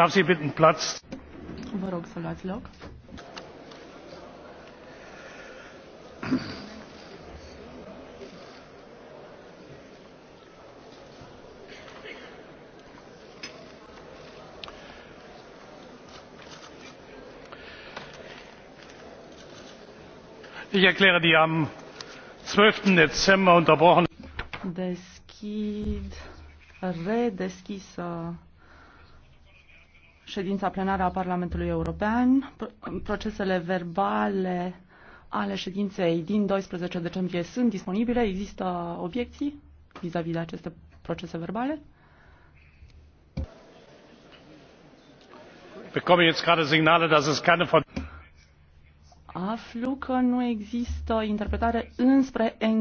darf sie bitten platz loc. ich erkläre die am. zwölf dezember unterbrochene. deschid redeschisă ședința plenară a Parlamentului European. Procesele verbale ale ședinței din 12 decembrie sunt disponibile. Există obiecții vis-a-vis -vis de aceste procese verbale? Aflu că nu există interpretare înspre engleză.